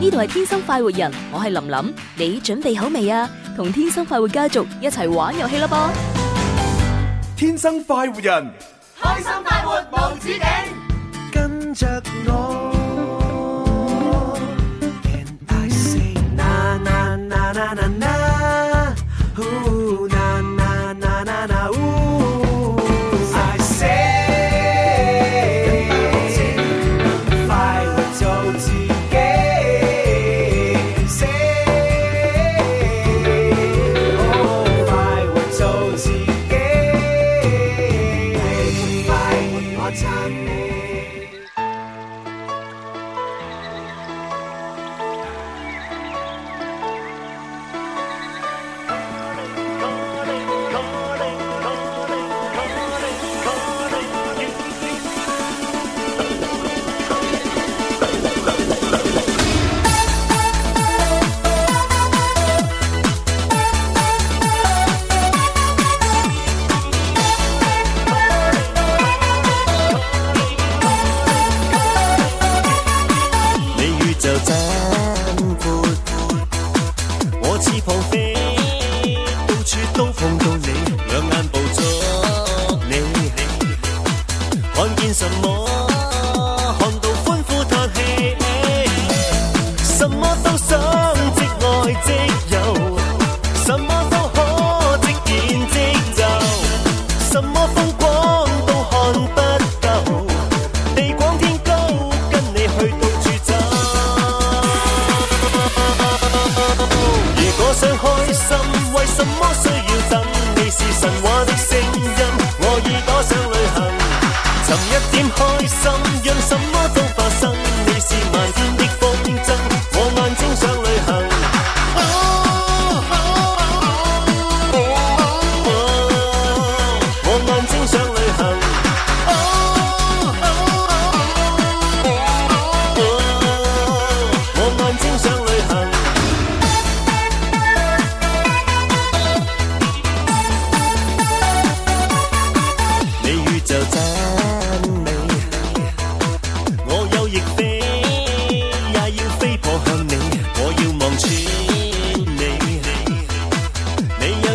呢度係天生快活人，我係林林，你準備好未啊？同天生快活家族一齊玩遊戲啦噃！天生快活人，開心快活無止境，跟着我。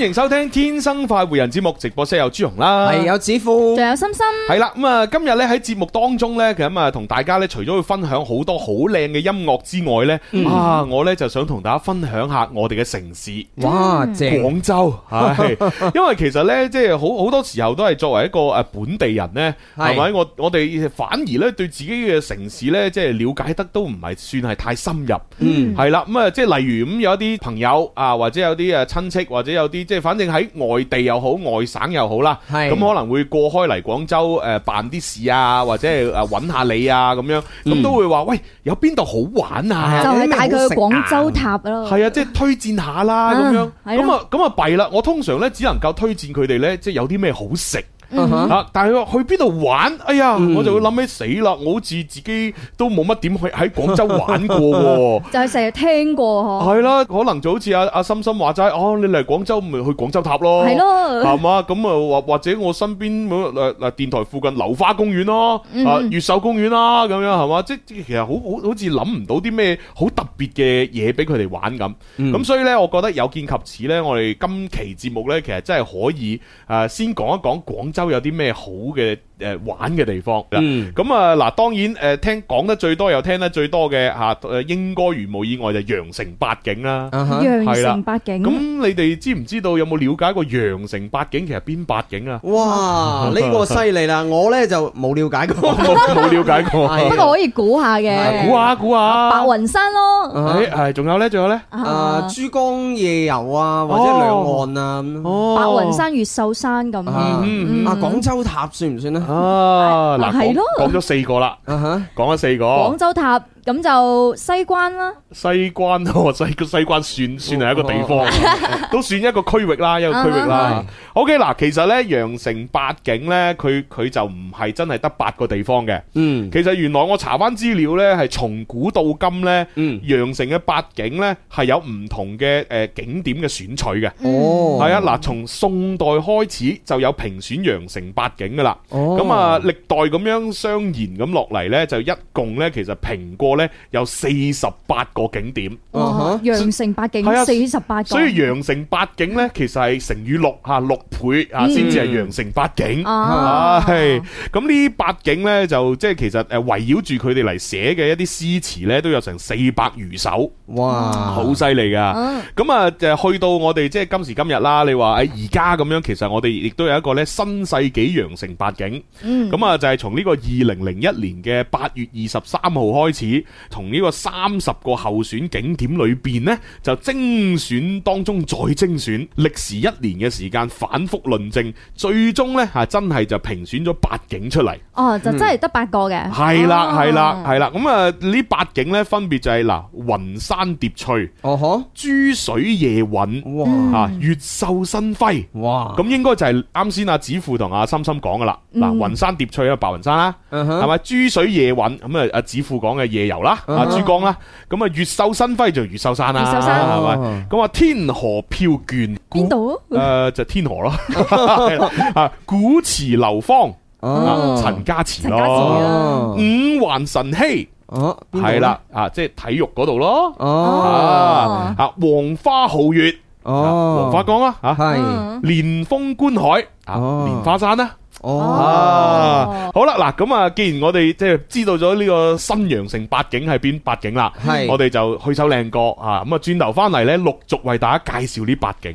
歡迎收聽《天生快活人》節目，直播室有朱紅啦，係有子富，仲有心心，係啦。咁、嗯、啊，今日咧喺節目當中咧，咁、嗯、啊同大家咧，除咗會分享好多好靚嘅音樂之外咧，嗯、啊，我咧就想同大家分享一下我哋嘅城市。哇、嗯，廣州係、嗯，因為其實咧，即、就、係、是、好好多時候都係作為一個誒本地人咧，係咪？ 我我哋反而咧對自己嘅城市咧，即、就、係、是、了解得都唔係算係太深入。嗯，係啦，咁、嗯、啊，即係例如咁，有一啲朋友啊，或者有啲誒親戚，或者有啲。即係反正喺外地又好，外省又好啦，咁是可能會過開嚟廣州誒、呃、辦啲事啊，或者係揾下你啊咁樣，咁、嗯、都會話喂，有邊度好玩啊？就你帶佢去廣州塔咯，係啊，即係、啊就是、推薦下啦咁、啊、樣，咁啊咁啊弊啦，我通常呢，只能夠推薦佢哋呢，即係有啲咩好食。Uh huh. 但係佢話去邊度玩？哎呀，mm hmm. 我就會諗起死啦！我好似自己都冇乜點去喺廣州玩過。 就係成日聽過係啦， 可能就好似阿阿心心話齋哦，你嚟廣州咪去廣州塔咯？係咯的，係嘛？咁啊或或者我身邊嗱電台附近流花公園咯、啊，啊越、mm hmm. 秀公園啦、啊，咁樣係嘛？即即其實好好好似諗唔到啲咩好特別嘅嘢俾佢哋玩咁。咁、mm hmm. 所以咧，我覺得有見及此咧，我哋今期節目咧，其實真係可以誒，先講一講廣州。都有啲咩好嘅？誒，玩嘅地方，咁啊，嗱，當然誒，聽講得最多又聽得最多嘅吓，誒，應該如無意外就羊城八景啦，羊城八景。咁你哋知唔知道有冇了解過羊城八景其實邊八景啊？哇，呢個犀利啦！我咧就冇了解過，冇了解過。不過可以估下嘅，估下估下。白雲山咯，係仲有咧，仲有咧，啊，珠江夜遊啊，或者兩岸啊，白雲山、越秀山咁。啊，廣州塔算唔算咧？啊，嗱係咯，講咗四個啦，哈，講咗四個，廣州塔。咁就西關啦，西關哦，西個西關算算係一個地方，都算一個區域啦，一個區域啦。Uh huh. OK 嗱，其實咧，羊城八景咧，佢佢就唔係真係得八個地方嘅。嗯，其實原來我查翻資料咧，係從古到今咧，嗯、羊城嘅八景咧係有唔同嘅誒、呃、景點嘅選取嘅。哦、uh huh，係啊，嗱，從宋代開始就有評選羊城八景噶啦。哦、uh huh，咁啊，歷代咁樣相沿咁落嚟咧，就一共咧其實評過。有四十八個景點，羊城八景四十八。Huh? 所以羊城八景呢，其實係乘以六吓六倍啊，先至係羊城八景。係咁呢八景呢，就即、是、係其實誒圍繞住佢哋嚟寫嘅一啲詩詞呢，都有成四百餘首。哇、uh，好犀利噶。咁啊、uh，huh. 就去到我哋即係今時今日啦。你話誒而家咁樣，其實我哋亦都有一個呢新世紀羊城八景。咁啊、uh huh. 就係從呢個二零零一年嘅八月二十三號開始。同呢個三十個候選景點裏邊呢，就精選當中再精選，歷時一年嘅時間反復論證，最終呢，吓、啊、真係就評選咗八景出嚟。哦，就真係得八個嘅。係啦、嗯，係啦，係啦。咁啊，呢八景呢，分別就係、是、嗱，雲、啊、山疊翠，哦哈、uh，huh? 珠水夜韻，哇、啊，越秀新輝，哇，咁應該就係啱先阿子富同阿心心講噶啦。嗱，雲山疊翠啊，白雲山啦，係咪？珠水夜韻咁啊，阿子富講嘅夜遊啦，啊珠江啦，咁啊，越秀新暉就越秀山啦，係咪？咁啊，天河飄絹邊度？誒，就天河咯，係啊，古祠流芳陳家祠咯，五環晨曦係啦，啊，即係體育嗰度咯，哦，啊，黃花皓月哦，黃花崗啦，啊，係，蓮峰觀海啊，蓮花山啦。哦，oh. oh. 好啦，嗱，咁啊，既然我哋即係知道咗呢個新羊城八景係邊八景啦，係我哋就去首靚歌吓，咁啊，轉頭翻嚟咧，陸續為大家介紹呢八景。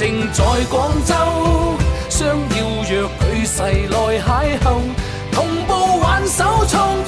正在廣州，相邀約，舉世來邂逅，同步挽手創。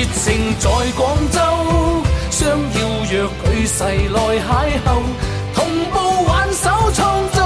熱情在廣州，相邀約舉世來邂逅，同步挽手創。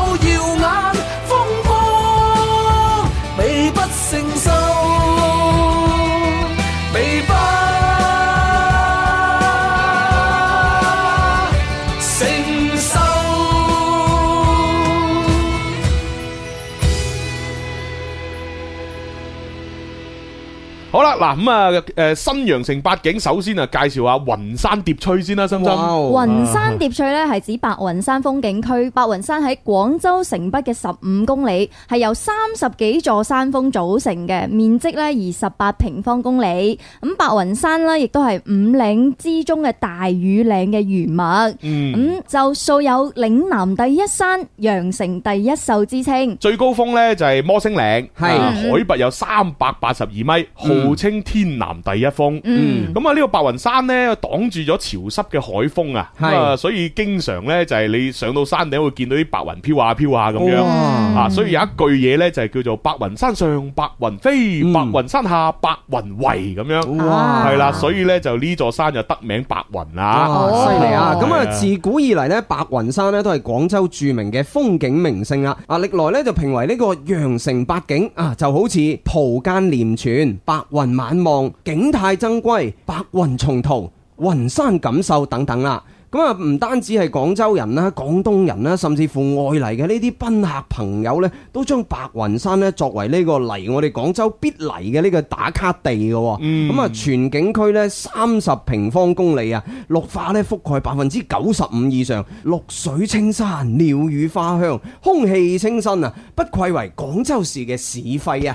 嗱咁啊，誒，新羊城八景首先啊，介紹下雲山疊翠先啦，新新。雲山疊翠咧係指白雲山風景區，白雲山喺廣州城北嘅十五公里，係由三十幾座山峰組成嘅，面積咧二十八平方公里。咁白雲山咧亦都係五嶺之中嘅大庾嶺嘅餘脈。嗯。咁就素有嶺南第一山、羊城第一秀之稱。最高峰咧就係摩星嶺，係海拔有三百八十二米，號。稱天南第一峰，咁啊呢個白雲山呢擋住咗潮濕嘅海風啊，是所以經常呢，就係、是、你上到山頂會見到啲白雲飄下飄下咁樣，哇啊所以有一句嘢呢，就係叫做白雲山上白雲飛，嗯、白雲山下白雲圍咁樣，係啦哇，所以呢，就呢座山就得名白雲啊。犀利啊！咁啊、哦、自古以嚟呢，白雲山呢都係廣州著名嘅風景名勝啊，啊歷來呢，就評為呢個羊城八景啊，就好似蒲澗濂泉白雲晚望景泰僧歸，白雲松濤，雲山錦繡等等啦。咁啊，唔單止係廣州人啦、廣東人啦，甚至乎外嚟嘅呢啲賓客朋友呢，都將白雲山呢作為呢個嚟我哋廣州必嚟嘅呢個打卡地嘅。咁啊、嗯，全景區呢，三十平方公里啊，綠化呢，覆蓋百分之九十五以上，綠水青山、鳥語花香、空氣清新啊，不愧為廣州市嘅市肺啊！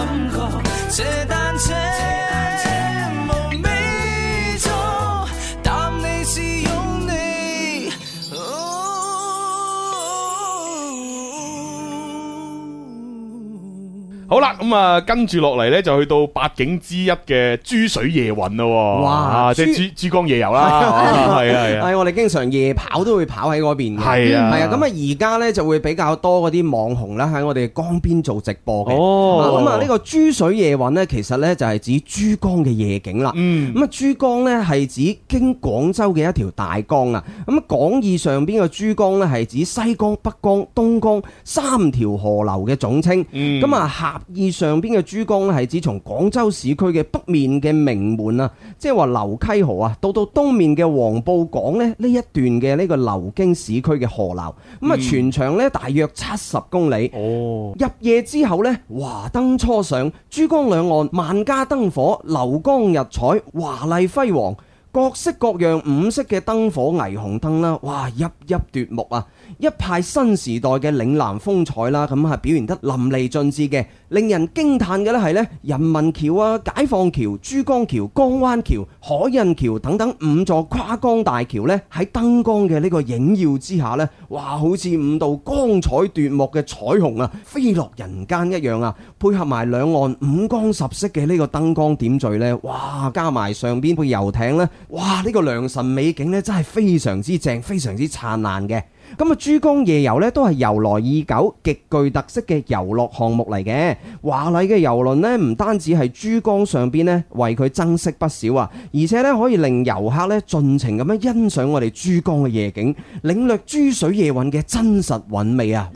好啦，咁啊，跟住落嚟呢，就去到八景之一嘅珠水夜韻咯，哦。哇！珠即係珠珠江夜遊啦，係 啊係、啊啊啊、我哋經常夜跑都會跑喺嗰邊。係啊係啊，咁啊而家呢，就會比較多嗰啲網紅啦喺我哋江邊做直播嘅。哦，咁啊呢，這個珠水夜韻呢，其實呢，就係指珠江嘅夜景啦。嗯，咁啊珠江呢，係指經廣州嘅一條大江啊。咁啊廣義上邊嘅珠江呢，係指西江、北江、東江三條河流嘅總稱。咁啊，嗯以上邊嘅珠江咧，係指從廣州市區嘅北面嘅名門啊，即係話流溪河啊，到到東面嘅黃埔港咧，呢一段嘅呢個流經市區嘅河流，咁啊，全長呢，大約七十公里。哦、嗯，入夜之後呢，華燈初上，珠江兩岸萬家燈火，流光溢彩，華麗輝煌，各式各樣五色嘅燈火霓虹燈啦，哇，熠熠奪目啊！一派新時代嘅嶺南風采啦，咁係表現得淋漓盡致嘅，令人驚嘆嘅咧係咧人民橋啊、解放橋、珠江橋、江灣橋、海印橋等等五座跨江大橋呢，喺燈光嘅呢個影耀之下呢，哇，好似五道光彩奪目嘅彩虹啊，飛落人間一樣啊！配合埋兩岸五光十色嘅呢個燈光點綴呢，哇，加埋上邊部遊艇呢，哇，呢個良辰美景呢，真係非常之正，非常之燦爛嘅。咁啊，珠江夜遊呢都係由來已久，極具特色嘅遊樂項目嚟嘅。華麗嘅遊輪呢，唔單止係珠江上邊呢，為佢增色不少啊，而且呢，可以令遊客呢盡情咁樣欣賞我哋珠江嘅夜景，領略珠水夜韻嘅真實韻味啊！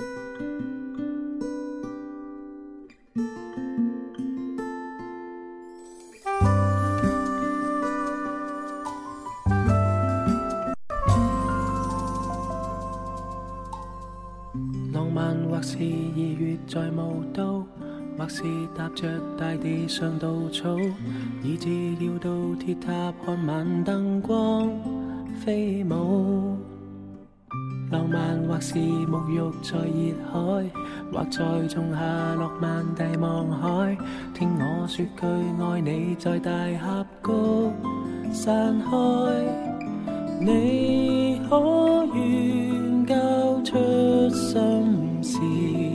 在霧都，或是踏着大地上稻草，以至要到鐵塔看晚燈光飛舞。浪漫或是沐浴在熱海，或在仲夏落漫地望海。聽我說句愛你，在大峽谷散開。你可願交出心事？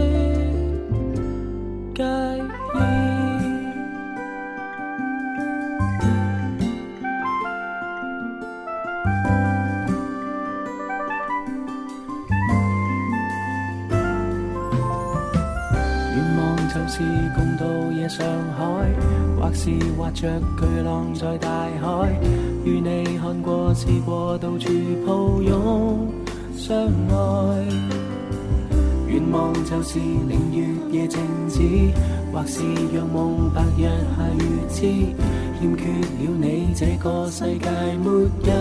願望就是共渡夜上海，或是划着巨浪在大海，與你看過、試過，到處抱擁相愛。望就是令月夜靜止，或是仰望白日下如痴，欠缺了你，這個世界沒有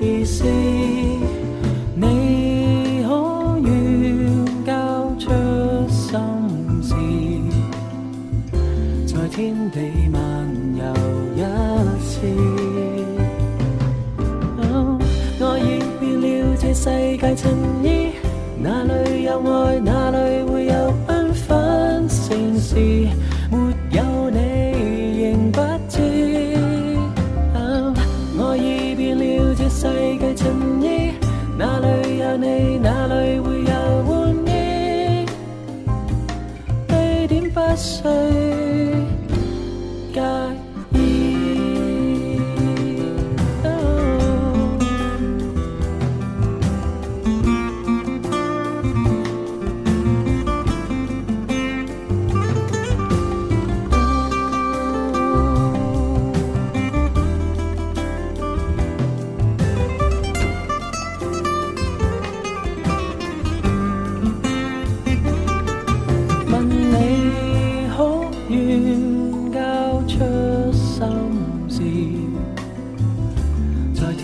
意思。你可願交出心事，在天地漫遊一次？愛、oh，已變了這世界襯衣，那裡，.有愛，哪裏會有繽紛盛世，沒有你，仍不知。愛意變了，這世界襯衣。哪裏有你，哪裏會有歡意？地點不需。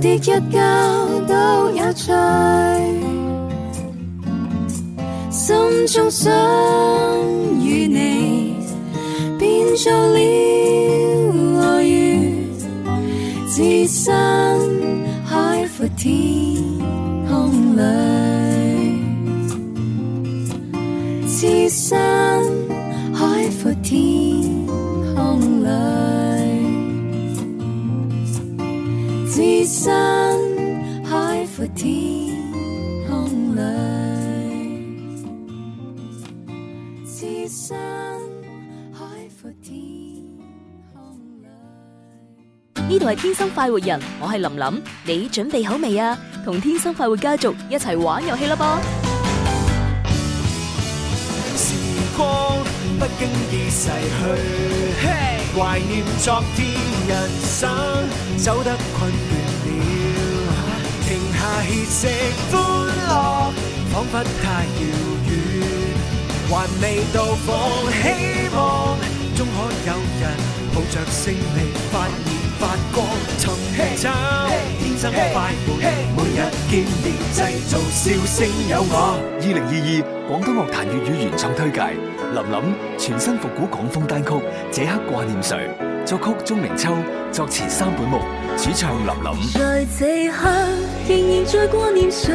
跌一跤都有趣，心中想與你變做了愛侶，置 身樂。係天生快活人，我係林林，你準備好未啊？同天生快活家族一齊玩遊戲啦噃！時光不經意逝去，懷念昨天，人生走得困倦了，停下歇息，歡樂仿佛太遙遠，還未到訪，希望終可有人抱着勝利，發現。發光重唱，青春 Hey, hey,，天生快活，每日見面製造笑聲有我。二零二二廣東樂壇粵語原創推介，林琳，琳全新復古港風單曲《這刻掛念誰》，作曲鐘明秋，作詞三本木，主唱林琳，琳。在這刻，仍然在掛念誰？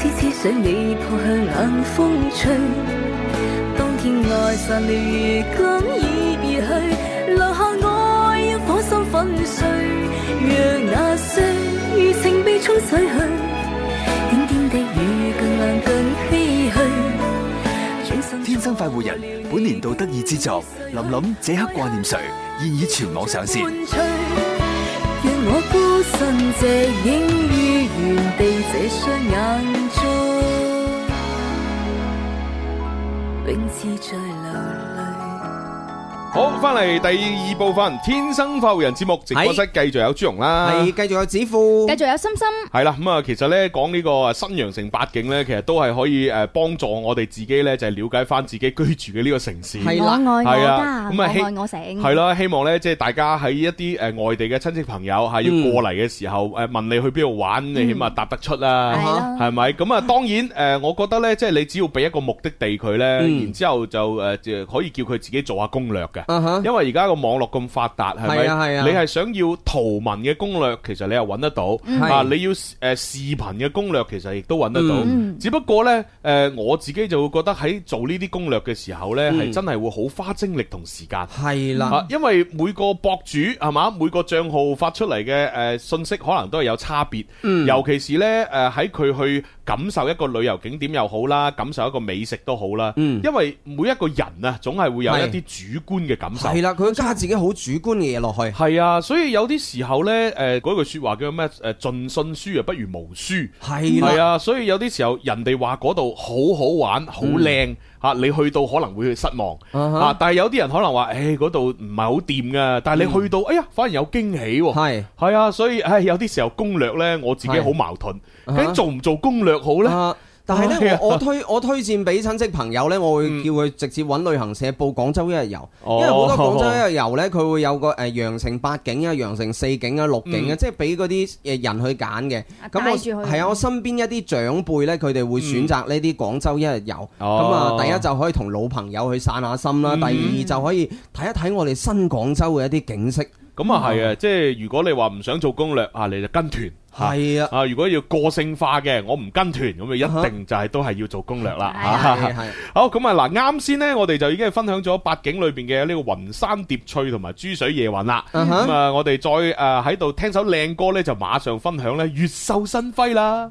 痴痴想你，撲向冷風吹。當天愛散了，如今已別去。那雨更更冷更唏噓。天生快活人，本年度得意之作《諗諗這刻掛念誰》現已全網上線。好，翻嚟第二部分《天生花蝴蝶》節目直播室繼續有朱容啦，係繼續有子富，繼續有心心，係啦。咁啊，其實咧講呢個新羊城八景咧，其實都係可以誒幫助我哋自己咧，就係、是、了解翻自己居住嘅呢個城市。係啦，我愛我家，我愛我城，係啦的。希望咧，即係大家喺一啲誒外地嘅親戚朋友係要過嚟嘅時候，誒、嗯、問你去邊度玩，你起碼答得出啦，係咪？咁啊，當然誒，我覺得咧，即係你只要俾一個目的地佢咧，嗯、然之後就誒可以叫佢自己做下攻略嘅。Uh huh. 因為而家個網絡咁發達，係咪？是啊是啊，你係想要圖文嘅攻略，其實你又揾得到。是啊，你要誒、呃、視頻嘅攻略，其實亦都揾得到。嗯、只不過呢，誒、呃，我自己就會覺得喺做呢啲攻略嘅時候呢，係真係會好花精力同時間。係啦、嗯啊，因為每個博主係嘛，每個賬號發出嚟嘅誒信息，可能都係有差別。嗯、尤其是呢，誒喺佢去。感受一個旅遊景點又好啦，感受一個美食都好啦，嗯、因為每一個人啊，總係會有一啲主觀嘅感受。係啦，佢加自己好主觀嘅嘢落去。係啊，所以有啲時候呢，誒、呃、嗰句説話叫咩？誒盡信書啊，不如無書。係的，係啊，所以有啲時候人哋話嗰度好好玩，好靚。嗯嚇，你去到可能會失望嚇，uh huh. 但係有啲人可能話，誒嗰度唔係好掂㗎，但係你去到，嗯、哎呀，反而有驚喜喎、啊！係是啊，所以誒、哎、有啲時候攻略呢，我自己好矛盾，uh huh. 究竟做唔做攻略好呢？Uh huh. 但係咧，我推我推薦俾親戚朋友咧，我會叫佢直接揾旅行社報廣州一日遊，嗯、因為好多廣州一日遊咧，佢會有個誒、呃、羊城八景啊、羊城四景啊、六景啊，嗯、即係俾嗰啲人去揀嘅。咁我係啊，我身邊一啲長輩咧，佢哋會選擇呢啲廣州一日遊。咁啊，第一就可以同老朋友去散下心啦，嗯、第二就可以睇一睇我哋新廣州嘅一啲景色。咁啊係啊，嗯、即係如果你話唔想做攻略啊，你就跟團。係啊，啊如果要個性化嘅，我唔跟團，咁就一定就係都係要做攻略啦。係係係。好，咁啊嗱，啱先呢，我哋就已經分享咗八景裏邊嘅呢個雲山疊翠同埋珠水夜韻啦。咁啊、uh，huh. 我哋再誒喺度聽首靚歌呢，就馬上分享咧《越秀新輝》啦。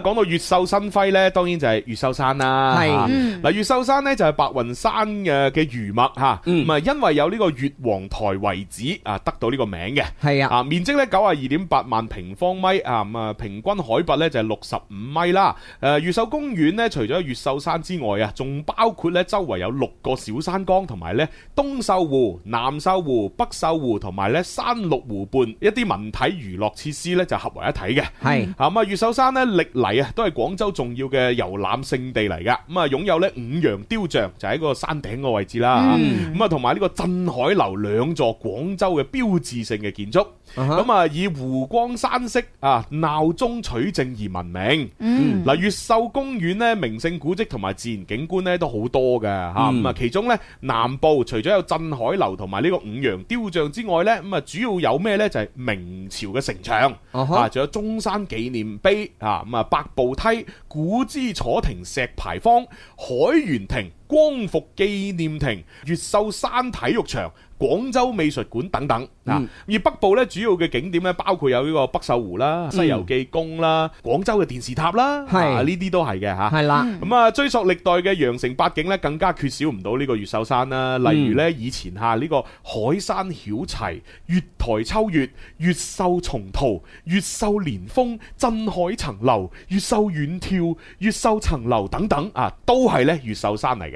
講到越秀新輝咧，當然就係越秀山啦。係嗱是，越、嗯、秀山咧就係白雲山嘅嘅餘脈吓，咁啊、嗯，因為有呢個越王台遺址啊，得到呢個名嘅。係啊，啊，面積咧九十二點八萬平方米啊，咁啊，平均海拔咧就係六十五米啦。誒、呃，越秀公園咧，除咗越秀山之外啊，仲包括咧周圍有六個小山崗，同埋咧東秀湖、南秀湖、北秀湖，同埋咧山麓湖畔一啲文體娛樂設施咧就合為一體嘅。係啊咁啊，越、嗯、秀山咧歷。係啊，都係廣州重要嘅遊覽勝地嚟噶。咁啊，擁有咧五羊雕像，就喺、是、個山頂個位置啦。咁、嗯、啊哈，同埋呢個鎮海樓兩座廣州嘅標誌性嘅建築。咁啊，以湖光山色啊鬧中取靜而聞名。嗱、嗯、越、啊、秀公園呢，名勝古跡同埋自然景觀呢都好多嘅吓。咁、嗯、啊，其中呢，南部除咗有鎮海樓同埋呢個五羊雕像之外呢，咁啊，主要有咩呢？就係、是、明朝嘅城牆啊哈，仲有中山紀念碑啊。咁啊，百步梯、古之楚亭、石牌坊、海源亭、光復紀念亭、越秀山體育場、廣州美術館等等，嗱，嗯、而北部咧主要嘅景點咧，包括有呢個北秀湖啦、西遊記宮啦、嗯、廣州嘅電視塔啦，係呢啲都係嘅嚇。係啦的，咁啊、嗯、追溯歷代嘅羊城八景咧，更加缺少唔到呢個越秀山啦。例如咧以前嚇呢個海山曉齊、越台秋月、越秀松濤、越秀連峰、鎮海層樓、越秀遠眺、越秀層樓等等，啊，都係咧越秀山嚟嘅。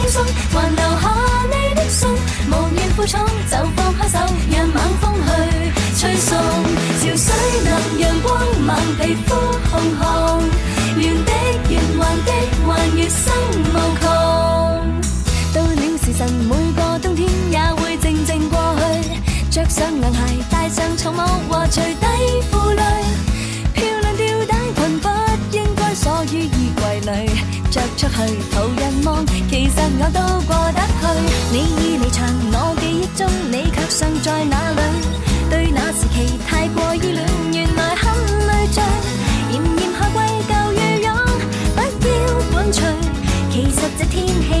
還留下你的心，無怨苦楚就放開手，讓猛風去吹送。潮水能陽光，芒皮膚紅紅，原的原環的環越深無窮。到了時辰，每個冬天也會靜靜過去。着上涼鞋，戴上草帽和除低褲履，漂亮吊帶裙不應該鎖於衣櫃裏，着出去。我都過得去，你已離場，我記憶中你卻尚在那裏。對那時期太過依戀，原來很累贅。炎炎夏季舊羽絨，不要伴隨。其實這天氣。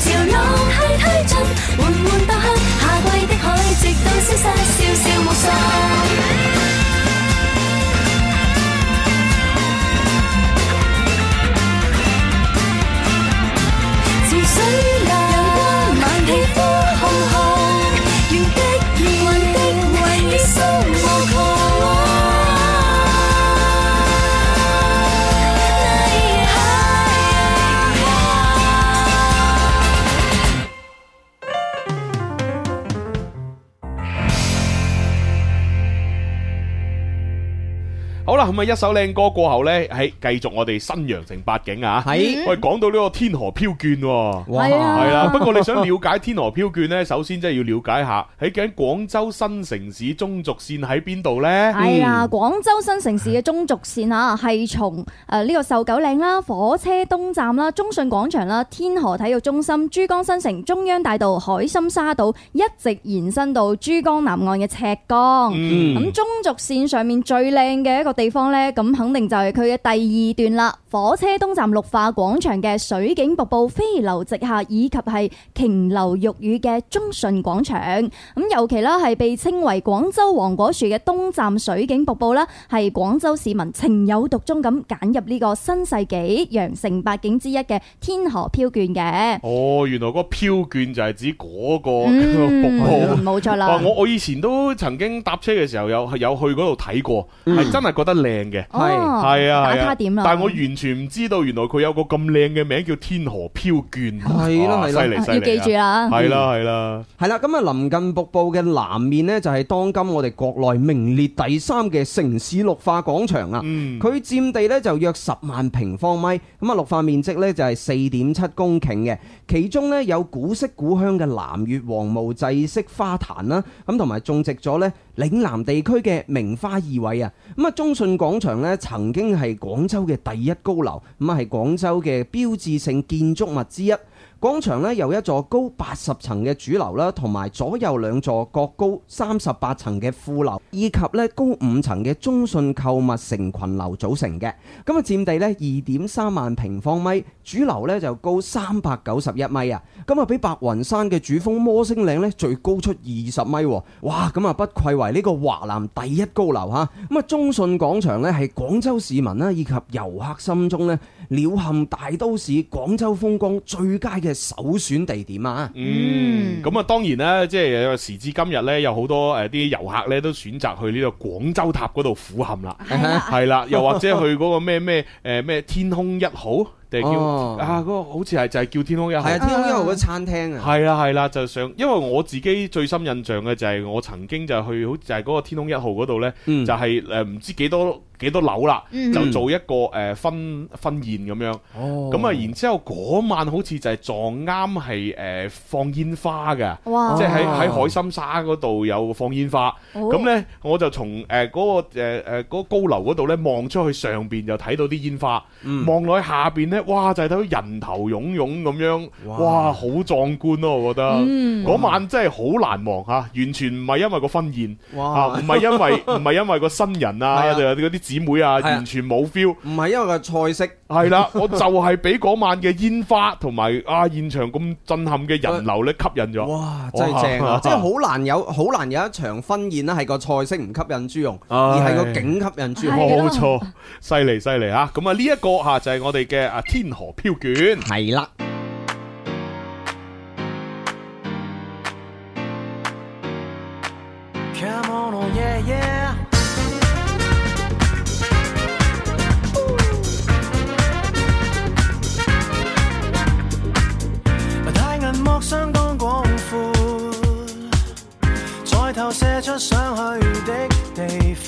潮浪去推進，緩緩蕩向夏季的海，直到消失，笑笑無心。咁啊！一首靚歌過後咧，喺繼續我哋新羊城八景啊！係喂是，講到呢個天河飄絹，係哇是啊，啊！不過你想了解天河飄絹咧，首先真係要了解一下究竟廣州新城市中軸線喺邊度咧？係啊！廣州新城市嘅中軸線啊，係從誒呢個瘦狗嶺啦、火車東站啦、中信廣場啦、天河體育中心、珠江新城、中央大道、海心沙島，一直延伸到珠江南岸嘅赤崗。咁、嗯、中軸線上面最靚嘅一個地方。咧咁肯定就係佢嘅第二段啦，火車東站綠化廣場嘅水景瀑布飛流直下，以及係瓊樓玉宇嘅中信廣場。咁尤其啦係被稱為廣州黃果樹嘅東站水景瀑布啦，係廣州市民情有獨鍾咁揀入呢個新世紀羊城八景之一嘅天河飄卷嘅。哦，原來嗰個飄卷就係指嗰個，個瀑布，冇錯啦。我、嗯哦、我以前都曾經搭車嘅時候有有去嗰度睇過，係、嗯、真係覺得靚。靚嘅係係啊，打卡點啊，哦、但係我完全唔知道，原來佢有個咁靚嘅名，叫天河飄絹，係咯，係咯，啊、犀利，犀利，要記住啊，係啦，係啦，係啦！咁啊，臨近瀑布嘅南面呢，就係當今我哋國內名列第三嘅城市綠化廣場啊！佢佔、嗯、地呢，就約十萬平方米，咁啊，綠化面積呢，就係四點七公頃嘅，其中呢，有古色古香嘅南越王墓制式花壇啦，咁同埋種植咗呢。嶺南地區嘅名花異卉啊，咁啊，中信廣場咧，曾經係廣州嘅第一高樓，咁係廣州嘅標誌性建築物之一。廣場咧由一座高八十層嘅主樓啦，同埋左右兩座各高三十八層嘅副樓，以及咧高五層嘅中信購物成群樓組成嘅。咁啊，佔地咧二點三萬平方米，主樓咧就高三百九十一米啊！咁啊，比白雲山嘅主峰摩星嶺咧最高出二十米。哇！咁啊，不愧為呢個華南第一高樓吓。咁啊，中信廣場咧係廣州市民啦以及遊客心中咧鳥瞰大都市廣州風光最佳嘅。嘅首選地點啊、嗯，嗯，咁啊當然啦，即係時至今日呢，有好多誒啲遊客呢都選擇去呢個廣州塔嗰度俯瞰啦，係啦嗎，又或者去嗰個咩咩誒咩天空一號。定叫、哦、啊、嗰個好似係就係、是、叫天空一號係啊，天空一號嗰餐廳啊，啊，係啦係啦，就上，因為我自己最深印象嘅就係我曾經就去好就係、是、個天空一號度咧，嗯、就係誒唔知幾多幾多樓啦，嗯、就做一個誒婚婚宴咁樣，咁啊、哦、然之後，然後嗰晚好似就係撞啱係誒放煙花嘅，即係喺喺海心沙度有放煙花，咁咧哇 我就從誒、呃嗰個誒誒、呃嗰個高樓度咧望出去上邊就睇到啲煙花，望落、嗯、去下邊咧。哇！就係、是、睇到人頭湧湧咁樣，哇，好壯哇觀咯！我覺得嗰、嗯、晚真係好難忘吓，完全唔係因為個婚宴，啊哇，唔係因為唔係哇因為， 因為個新人啊，啲、啊、姊妹啊，是啊完全冇 feel，唔係因為個菜式。係啦，我就係俾嗰晚嘅煙花同埋啊現場咁震撼嘅人流咧吸引咗。哇，真係正啊！哇即係好難有好難有一場婚宴咧，係個菜式唔吸引朱容，哎、而係個景吸引朱容。冇錯，犀利犀利嚇！咁啊呢一個嚇就係我哋嘅啊天河飄絹。係啦了。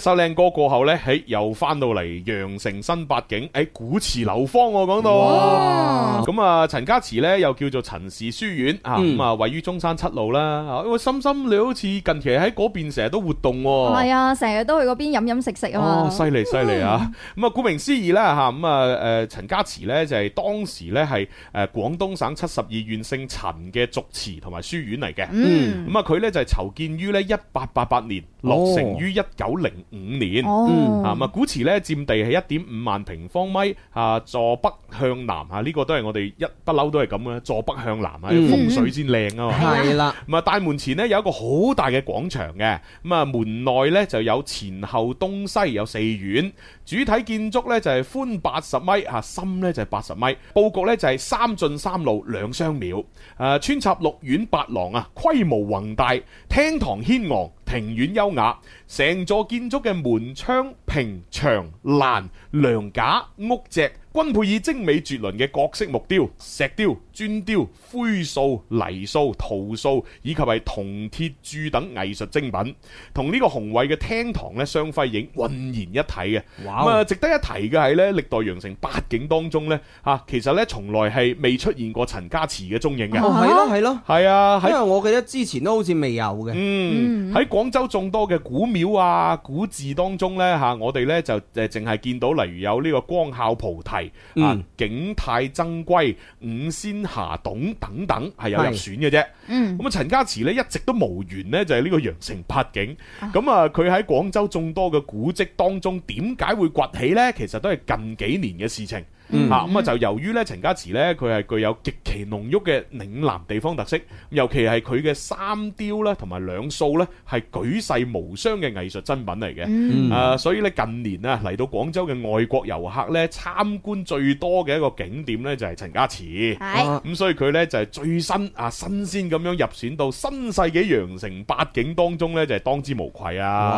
首靚歌過後呢，喺又翻到嚟羊城新八景，喺、哎、古祠流芳、啊。我講到，咁哇啊，陳家祠呢又叫做陳氏書院啊。咁、嗯、啊，位於中山七路啦。我深深你好似近期喺嗰邊成日都活動。係啊，成日、啊、都去嗰邊飲飲食食啊犀利、犀利啊！咁、嗯、啊，顧名思義啦吓，咁啊，誒、啊，陳、呃、家祠呢，就係、是、當時呢係誒廣東省七十二縣姓陳嘅族祠同埋書院嚟嘅。嗯。咁啊，佢呢就係、是、籌建於呢一八八八年，哦、落成於一九零。五年啊！啊、oh. 嗯，古祠咧佔地係一點五萬平方米，啊，坐北向南啊，呢、這個都係我哋一不嬲都係咁嘅，坐北向南啊，啲風水先靚、mm hmm. 啊嘛。係啦的，咁啊大門前咧有一個好大嘅廣場嘅，咁、嗯、啊門內咧就有前後東西有四院，主體建築呢就係寬八十米啊，深呢就係八十米，佈局呢就係、是、三進三路兩雙廟，誒穿插六院八廊啊，規模宏大，廳堂軒昂。庭院優雅，成座建築嘅門窗、平牆、欄梁架、屋脊，均配以精美絕倫嘅各式木雕、石雕、磚雕、灰塑、泥塑、陶塑，以及係銅鐵鑄等藝術精品，同呢個宏偉嘅廳堂咧相輝映，渾然一體嘅。Wow 值得一提嘅係咧，歷代羊城八景當中咧，吓其實咧從來係未出現過陳家祠嘅蹤影嘅。哦、oh，係咯，係咯，係啊，因為我記得之前都好似未有嘅。嗯，喺廣、mm. 州眾多嘅古廟啊、古寺當中咧，吓我哋咧就淨淨係見到，例如有呢個光孝菩提。嗯、啊，景泰僧歸、五仙霞洞等等係有入選嘅啫。嗯，咁啊，陳家祠咧一直都無緣呢，就係、是、呢個羊城八景。咁啊，佢喺廣州眾多嘅古蹟當中，點解會崛起呢？其實都係近幾年嘅事情。嗯、啊，咁啊，就由於咧陳家祠咧佢係具有極其濃郁嘅嶺南地方特色，尤其係佢嘅三雕咧同埋兩塑咧係舉世無雙嘅藝術珍品嚟嘅。嗯、啊，所以咧近年啊嚟到廣州嘅外國遊客咧參觀最多嘅一個景點咧就係、是、陳家祠。咁、啊，所以佢咧就係、是、最新啊新鮮咁樣入選到新世紀羊城八景當中咧就係、是、當之無愧啊！哇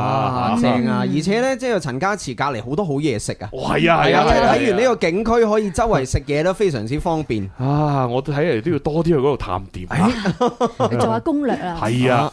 啊正啊！嗯、而且咧即係陳家祠隔籬好多好嘢食啊！係啊係啊！睇完呢個景區。可以周圍食嘢都非常之方便 啊！我睇嚟都要多啲去嗰度探店啦， 你做下攻略啊！係啊。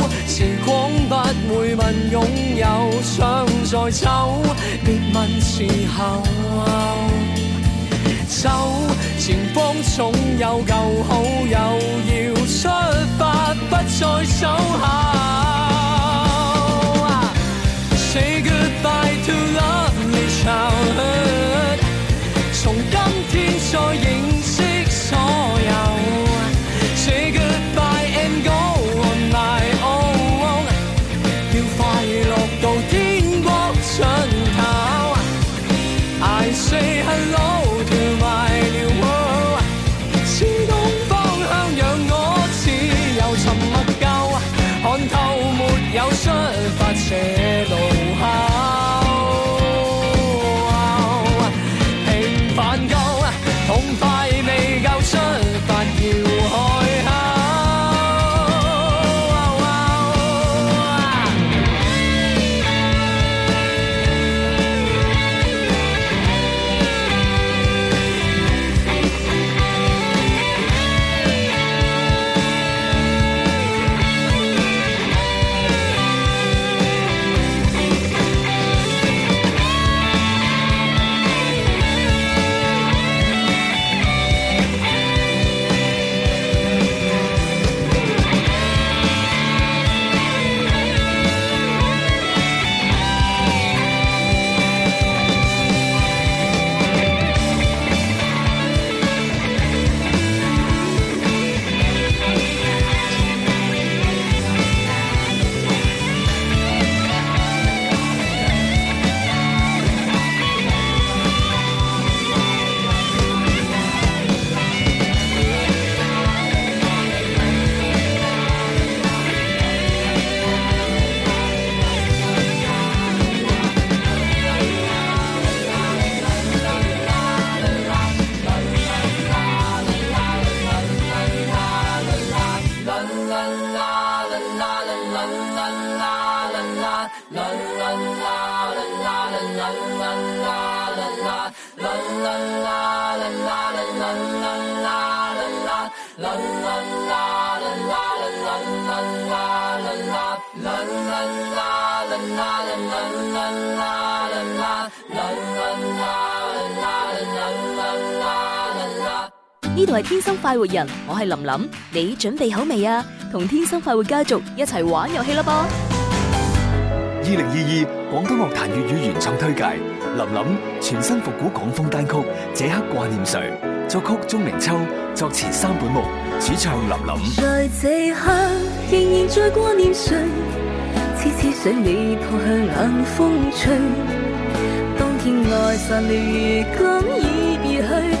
時光不會問擁有，想再走，別問時候。走，前方總有舊好友要出發，不再守候。活人，我係林林，你準備好未啊？同天生快活家族一齊玩遊戲啦噃！二零二二廣東樂壇粵語原創推介，林林全新復古港風單曲《這刻掛念誰》，作曲鍾明秋，作詞三本木，主唱林林。在這刻仍然在掛念誰，痴痴想你撲向冷風吹，當天愛散了，如今已別去。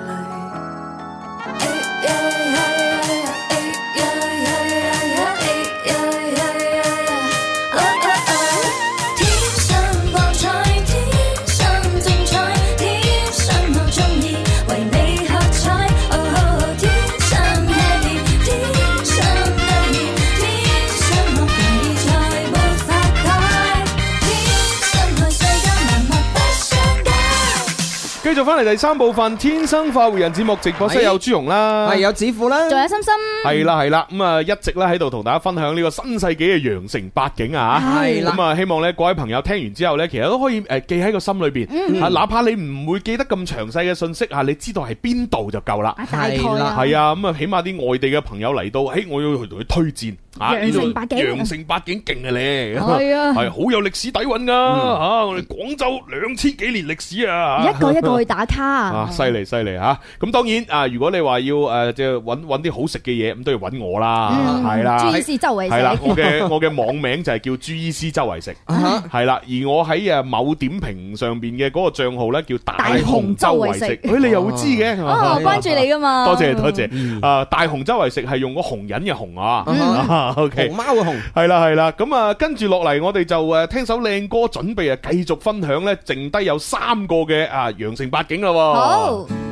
翻嚟第三部分《天生化狐人子》節目直播室有朱容、哎、啦，係有子富啦，仲有心心，係啦係啦，咁啊、嗯、一直咧喺度同大家分享呢個新世紀嘅羊城八景啊，係啦，咁啊希望咧各位朋友聽完之後咧，其實都可以誒記喺個心裏邊、嗯、啊，哪怕你唔會記得咁詳細嘅信息吓，你知道喺邊度就夠啦，係啦，係啊，咁啊起碼啲外地嘅朋友嚟到，誒我要去同佢推薦。羊城八景，羊城八景勁啊！你係啊，係好有歷史底蘊噶吓，我哋廣州兩千幾年歷史啊！一個一個去打卡啊，犀利犀利吓！咁當然啊，如果你話要誒即係搵搵啲好食嘅嘢，咁都要搵我啦，係啦。朱醫師周圍食，我嘅我嘅網名就係叫朱醫師周圍食，係啦。而我喺啊某點評上邊嘅嗰個賬號咧叫大紅周圍食，你又會知嘅，關注你噶嘛，多謝多謝。啊大紅周圍食係用個紅人嘅紅啊。熊貓嘅熊係啦係啦，咁啊 Okay, 跟住落嚟，我哋就誒聽首靚歌，準備啊繼續分享咧，剩低有三個嘅啊羊城八景咯好。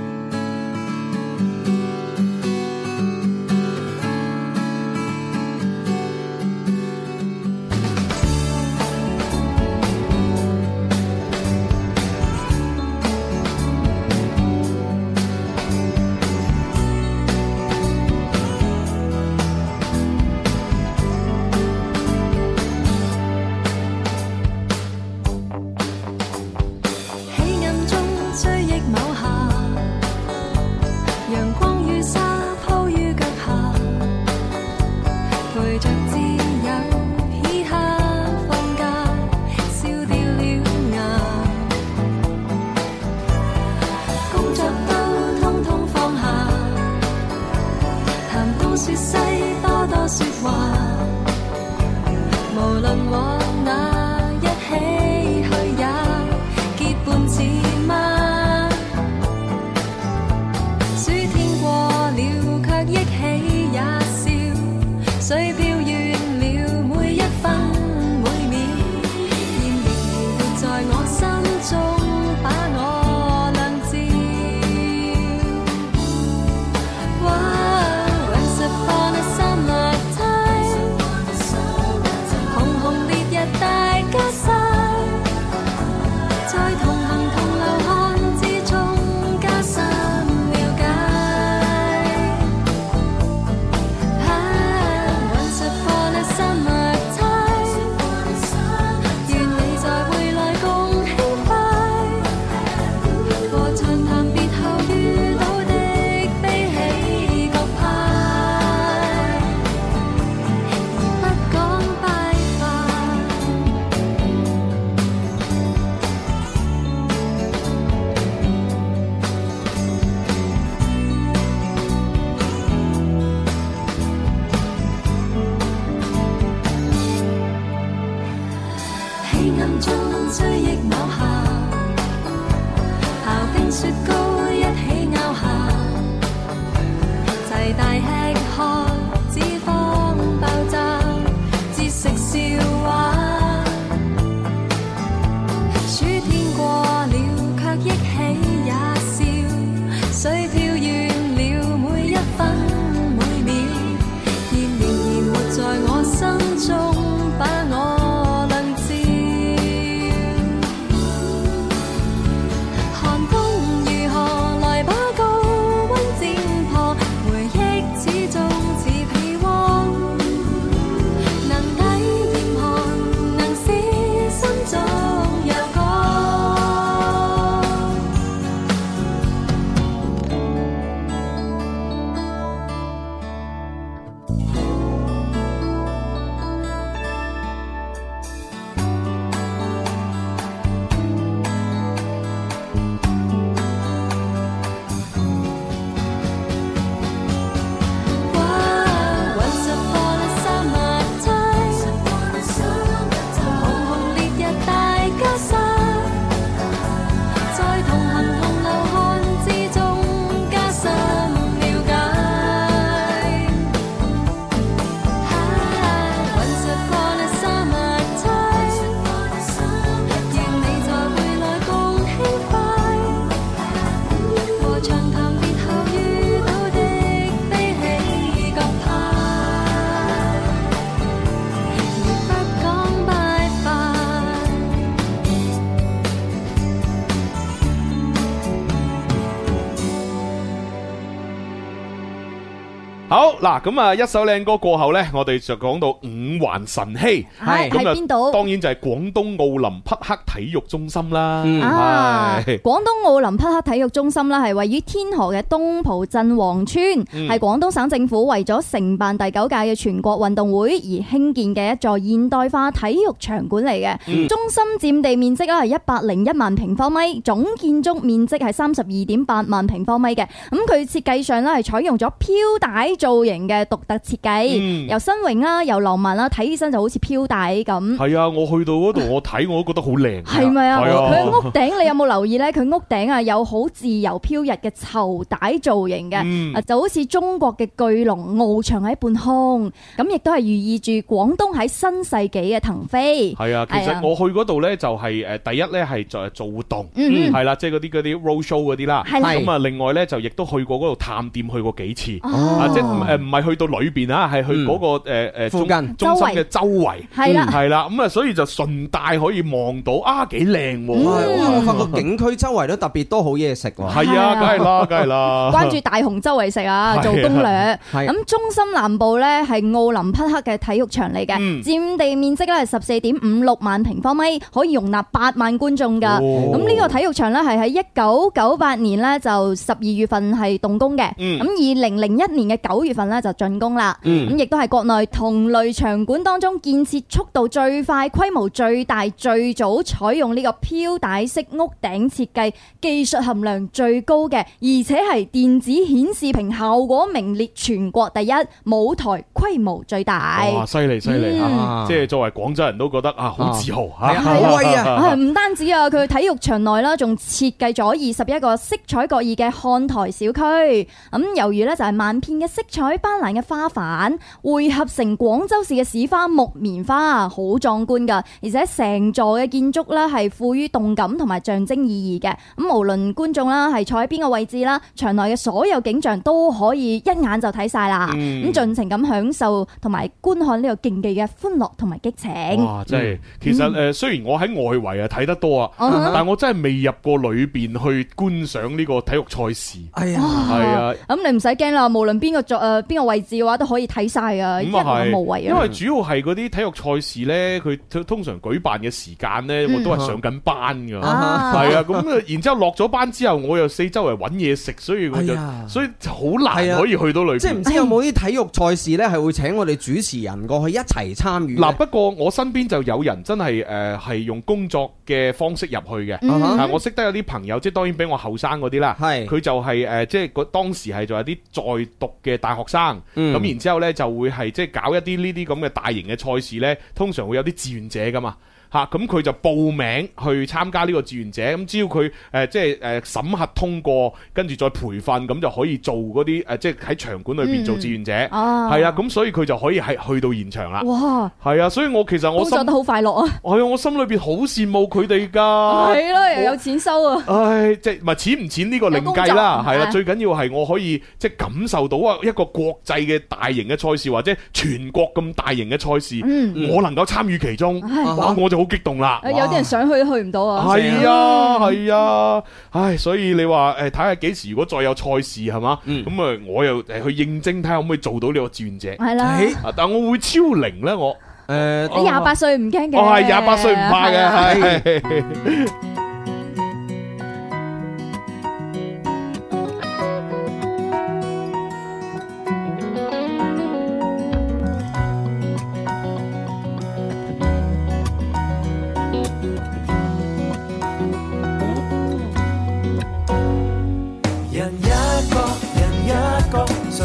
咁啊，一首靚歌過後咧，我哋就講到五環晨曦係邊度？是當然就係廣東奧林匹克體育中心啦。嗯、是啊，廣東奧林匹克體育中心啦，係位於天河嘅東圃鎮黃村，係廣東省政府為咗承辦第九屆嘅全國運動會而興建嘅一座現代化體育場館嚟嘅。中心佔地面積啊係一百零一萬平方米，總建築面積係三十二點八萬平方米嘅。咁佢設計上咧係採用咗飄帶造型。嘅獨特設計，由新穎啦、啊，由浪漫啦、啊，睇起身就好似飄帶咁。係啊，我去到嗰度， 我睇我都覺得好靚。係咪啊？佢、哎、呀 屋頂你有冇留意呢？佢 屋頂啊有好自由飄逸嘅綢帶造型嘅，嗯、就好似中國嘅巨龍翱翔喺半空。咁亦都係寓意住廣東喺新世紀嘅騰飛。係啊，其實我去嗰度呢，就係第一呢，係做做活動，係啦，即係嗰啲嗰啲 roadshow 嗰啲啦。咁啊，就是、的另外呢，就亦都去過嗰度探店，去過幾次。哦啊、即唔去到裏邊啊，係去嗰個誒誒附近中心嘅周圍係啦，係啦，咁啊，所以就順帶可以望到啊，幾靚！我發覺景區周圍都特別多好嘢食。係啊，梗係啦，梗係啦。關注大雄周圍食啊，做攻略。係咁，中心南部咧係奧林匹克嘅體育場嚟嘅，占地面積咧係十四點五六萬平方米，可以容納八萬觀眾噶。咁呢個體育場咧係喺一九九八年咧就十二月份係動工嘅。咁二零零一年嘅九月份咧就就竣工啦，嗯，咁亦都係國內同類場館當中建設速度最快、規模最大、最早採用呢個飄帶式屋頂設計、技術含量最高嘅，而且係電子顯示屏效果名列全國第一，舞台規模最大。哇！犀利犀利啊！即係作為廣州人都覺得啊，好自豪啊！威啊！唔單止啊，佢體育場內啦，仲設計咗二十一個色彩各異嘅看台小區。咁由於咧就係萬片嘅色彩斑。蘭嘅花瓣匯合成廣州市嘅市花木棉花，好壯觀噶！而且成座嘅建築咧係富於動感同埋象徵意義嘅。咁無論觀眾啦係坐喺邊個位置啦，場內嘅所有景象都可以一眼就睇晒啦。咁盡、嗯、情咁享受同埋觀看呢個競技嘅歡樂同埋激情。哇！真係，嗯、其實誒，雖然我喺外圍啊睇得多啊，嗯、但我真係未入過裏邊去觀賞呢個體育賽事。係啊，係啊。咁你唔使驚啦，無論邊個作誒邊個。位置嘅話都可以睇晒啊，因為冇因為主要係嗰啲體育賽事咧，佢通常舉辦嘅時間咧，我都係上緊班噶，係啊。咁然之後落咗班之後，我又四周圍揾嘢食，所以佢就所以就好難可以去到裏邊。即係唔知有冇啲體育賽事咧，係會請我哋主持人過去一齊參與。嗱，不過我身邊就有人真係誒，係用工作嘅方式入去嘅。我識得有啲朋友，即係當然比我後生嗰啲啦。係佢就係誒，即係當時係仲有啲在讀嘅大學生。咁、嗯、然之後呢，就會係即係搞一啲呢啲咁嘅大型嘅賽事呢，通常會有啲志願者噶嘛。吓，咁佢就報名去參加呢個志願者，咁只要佢即係誒審核通過，跟住再培訓，咁就可以做嗰啲即係喺場館裏面做志願者，係、嗯、啊，咁所以佢就可以係去到現場啦。哇！係啊，所以我其實我工作得好快樂啊。係啊，我心裏面好羨慕佢哋㗎。係咯，又有錢收啊。唉，即係唔係錢唔錢呢個另計啦，係啦，最緊要係我可以即係感受到啊一個國際嘅大型嘅賽事或者全國咁大型嘅賽事，嗯、我能夠參與其中，嗯嗯、哇我就。好激動啦！哇有啲人想去都去唔到啊！係啊，係啊，啊，唉，所以你話誒，睇下幾時如果再有賽事係嘛，咁啊，嗯、那我又誒去應徵睇下可唔可以做到呢個志願者，係啦，啊欸、但我會超齡咧我誒，你廿八歲唔驚嘅，我係廿八歲唔怕嘅係。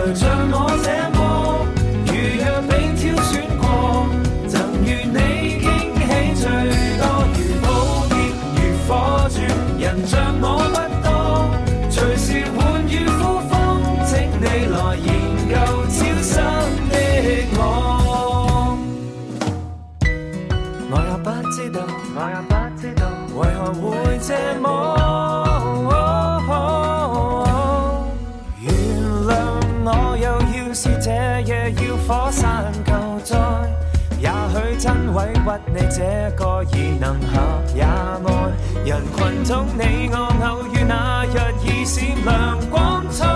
誰像我這麼？如若被挑選過，曾與你傾起最多，如寶潔，如火燭。人像我不多，隨時換雨呼風，請你來研究超生的我。我也不知道。委屈你這個異能俠也愛，人群中你我偶遇那日已閃亮光彩，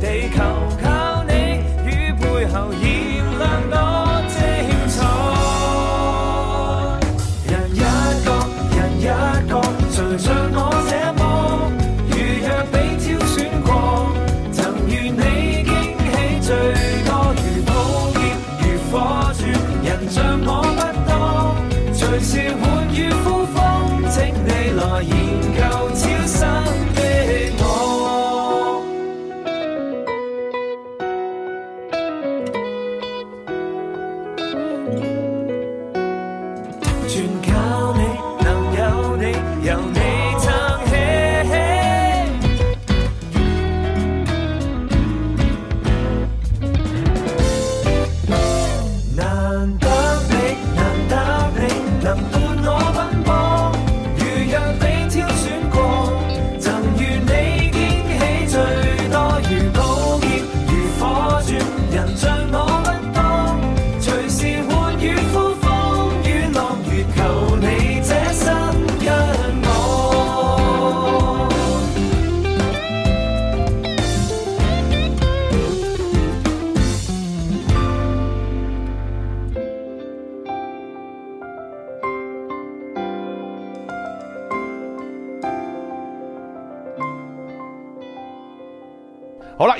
地球靠你與背後已。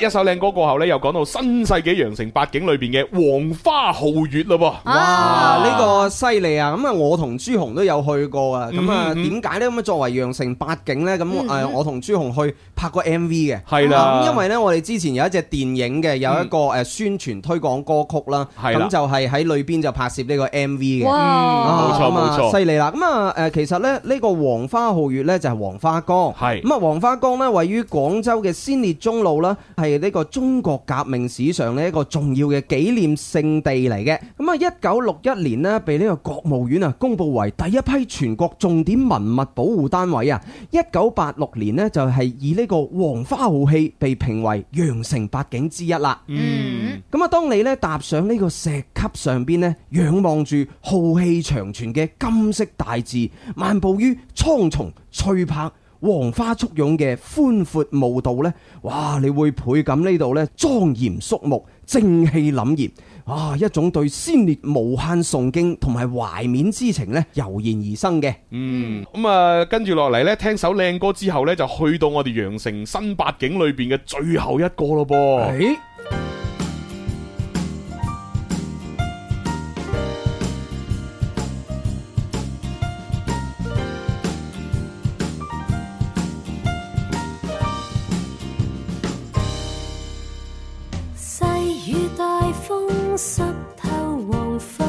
一首靚歌過後咧，又講到新世紀羊城八景裏邊嘅黃花皓月啦噃！哇，呢個犀利啊！咁啊，我同朱紅都有去過啊。咁啊，點解呢？咁作為羊城八景呢，咁誒，我同朱紅去拍過 M V 嘅。係啦的，因為呢，我哋之前有一隻電影嘅，有一個誒宣傳推廣歌曲啦。咁是的 就係喺裏邊就拍攝呢個 M V 嘅。冇錯冇錯，犀利啦！咁啊，誒，其實呢，呢個黃花皓月呢，就係是黃花崗。係咁啊，黃花崗呢，位於廣州嘅先烈中路啦，係。呢個中國革命史上呢一個重要嘅紀念聖地嚟嘅，咁啊，一九六一年呢，被呢個國務院啊公布為第一批全國重點文物保護單位啊，一九八六年呢就係以呢個黃花浩氣被評為羊城八景之一啦。嗯，咁啊，當你呢踏上呢個石級上邊呢，仰望住浩氣長存嘅金色大字，漫步於蒼松翠柏。黃花簇擁嘅寬闊墓道呢，哇！你會倍感呢度咧莊嚴肅穆、正氣凜然，啊！一種對先烈無限崇敬同埋懷緬之情呢油然而生嘅，嗯。嗯、咁、嗯、啊，跟住落嚟呢，聽首靚歌之後呢，就去到我哋羊城新八景裏邊嘅最後一個咯噃。欸濕透黃昏。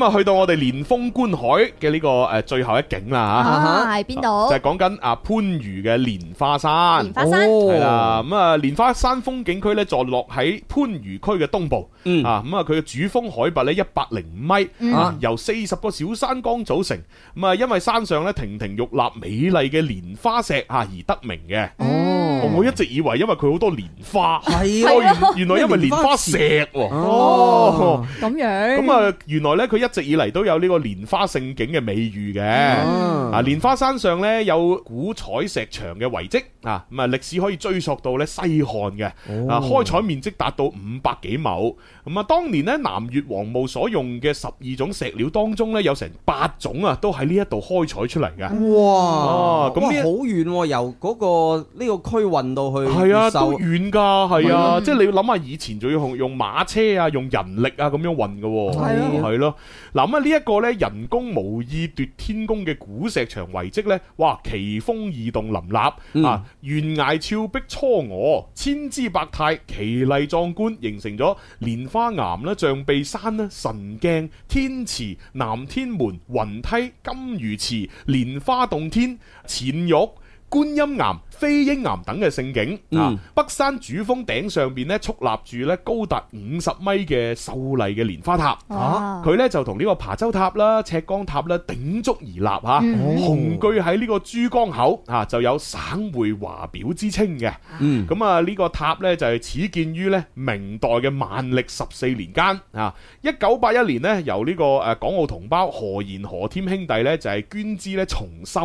咁啊，去到我哋蓮峰觀海嘅呢個誒最後一景啦吓，係邊度？就係講緊啊番禺嘅蓮花山，蓮花山係啦。咁啊蓮花山風景區咧坐落喺番禺區嘅東部，啊咁啊佢嘅主峰海拔咧一百零五米，啊、由四十個小山崗組成。咁啊因為山上咧亭亭玉立美麗嘅蓮花石啊而得名嘅。哦我一直以為因為佢好多蓮花，係原、啊、原來因為蓮花石哦，咁、哦、樣咁啊，原來咧佢一直以嚟都有呢個蓮花勝景嘅美譽嘅。啊，蓮、啊、花山上咧有古採石場嘅遺跡啊，咁啊歷史可以追溯到咧西漢嘅。啊、哦，開採面積達到五百幾畝咁啊，當年咧南越王墓所用嘅十二種石料當中咧，有成八種啊，都喺呢一度開採出嚟嘅。哇！咁好遠，由嗰個呢個區域。運到去係啊，都遠噶，係啊，啊即係你要諗下以前仲要用馬車啊，用人力啊咁樣運噶，啊，係咯，啊，嗱咁啊呢一個咧人工無意奪天工嘅古石牆遺跡咧，哇，奇峰異洞林立，嗯，啊，懸崖峭壁嵯峨，千姿百態，奇麗壯觀，形成咗蓮花岩啦、象鼻山啦、神鏡天池、南天門、雲梯、金魚池、蓮花洞天、潛玉。觀音岩、飛鷹岩等嘅勝景啊！嗯、北山主峰頂上邊咧，矗立住咧高達五十米嘅秀麗嘅蓮花塔啊！佢咧就同呢個琶洲塔啦、赤崗塔啦鼎足而立啊！雄踞喺呢個珠江口啊，就有省會華表之稱嘅。咁啊，呢、嗯、個塔咧就係始建於咧明代嘅萬曆十四年間啊！一九八一年呢，由呢個誒港澳同胞何賢何添兄弟咧就係捐資咧重修。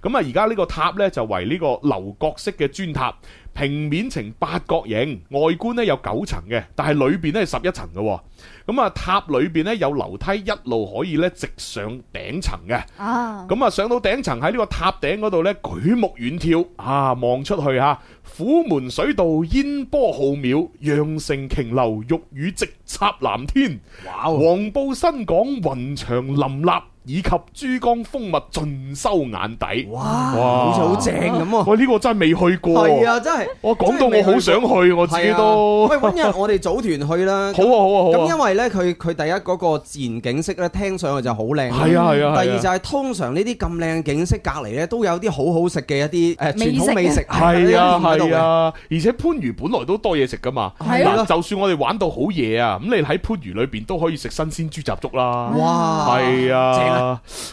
咁啊，而家呢個塔咧。就為呢個樓閣式嘅磚塔，平面呈八角形，外觀呢有九層嘅，但係裏邊呢係十一層嘅。咁啊，塔裏邊呢有樓梯，一路可以呢直上頂層嘅。啊，咁啊上到頂層喺呢個塔頂嗰度呢，舉目遠眺，啊，望出去啊，虎門水道煙波浩渺，羊城瓊樓玉宇直插藍天，哇、哦！黃埔新港雲牆林立。以及珠江風物盡收眼底，哇！好似好正咁啊。喂，呢個真係未去過。係啊，真係。我講到我好想去，我自己都。喂，揾日我哋組團去啦。好啊，好啊，好啊。咁因為呢，佢佢第一嗰個自然景色咧，聽上去就好靚。係啊，係啊。第二就係通常呢啲咁靚景色隔離咧，都有啲好好食嘅一啲誒傳統美食。係啊，係啊。而且番禺本來都多嘢食噶嘛。係咯。就算我哋玩到好夜啊，咁你喺番禺裏邊都可以食新鮮豬雜粥啦。哇！係啊。誒，哎、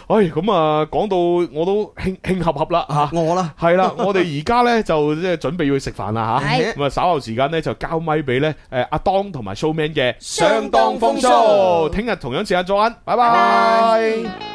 呃，咁啊，講、嗯、到我都慶慶合合啦吓、啊呢，我啦，係啦，我哋而家咧就即係準備去食飯啦吓，咁啊 稍後時間咧就交咪俾咧誒阿 Show man 當同埋 Showman 嘅相當豐收，聽日同樣時間再玩，拜拜。Bye bye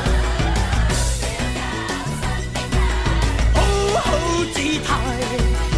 姿態。